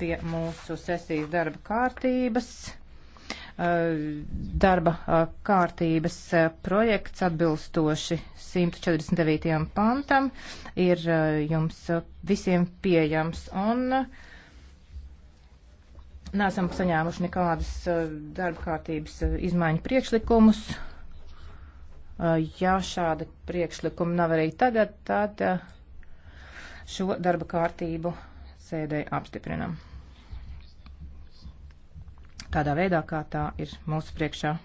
pie mūsu sesijas darba kārtības. Darba kārtības projekts atbilstoši 149. pantam ir jums visiem pieejams un nesam saņēmuši nekādas darba kārtības izmaiņu priekšlikumus. Ja šāda priekšlikuma nav arī tagad, tad šo darba kārtību sēdē apstiprinam. Tādā veidā, kā tā ir mūsu priekšā.